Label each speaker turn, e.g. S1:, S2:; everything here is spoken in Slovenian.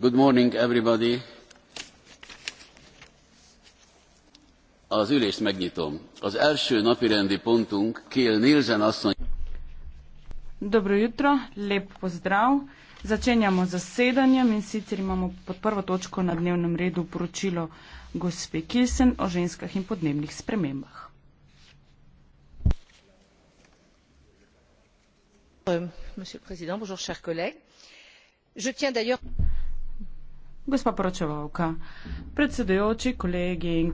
S1: good morning everybody az ülést megnyitom az első napirendi pontunk kiel nielsen asszony
S2: Dobro jutro,
S3: lep pozdrav. Začenjamo zasedanjem in sicer imamo pod prvo točko na dnevnem redu poročilo gospe Kilsen o ženskah in podnebnih spremembah.
S4: Euh, Je tiens d'ailleurs
S5: Gospa poročevalka,
S6: predsedujoči, kolegi in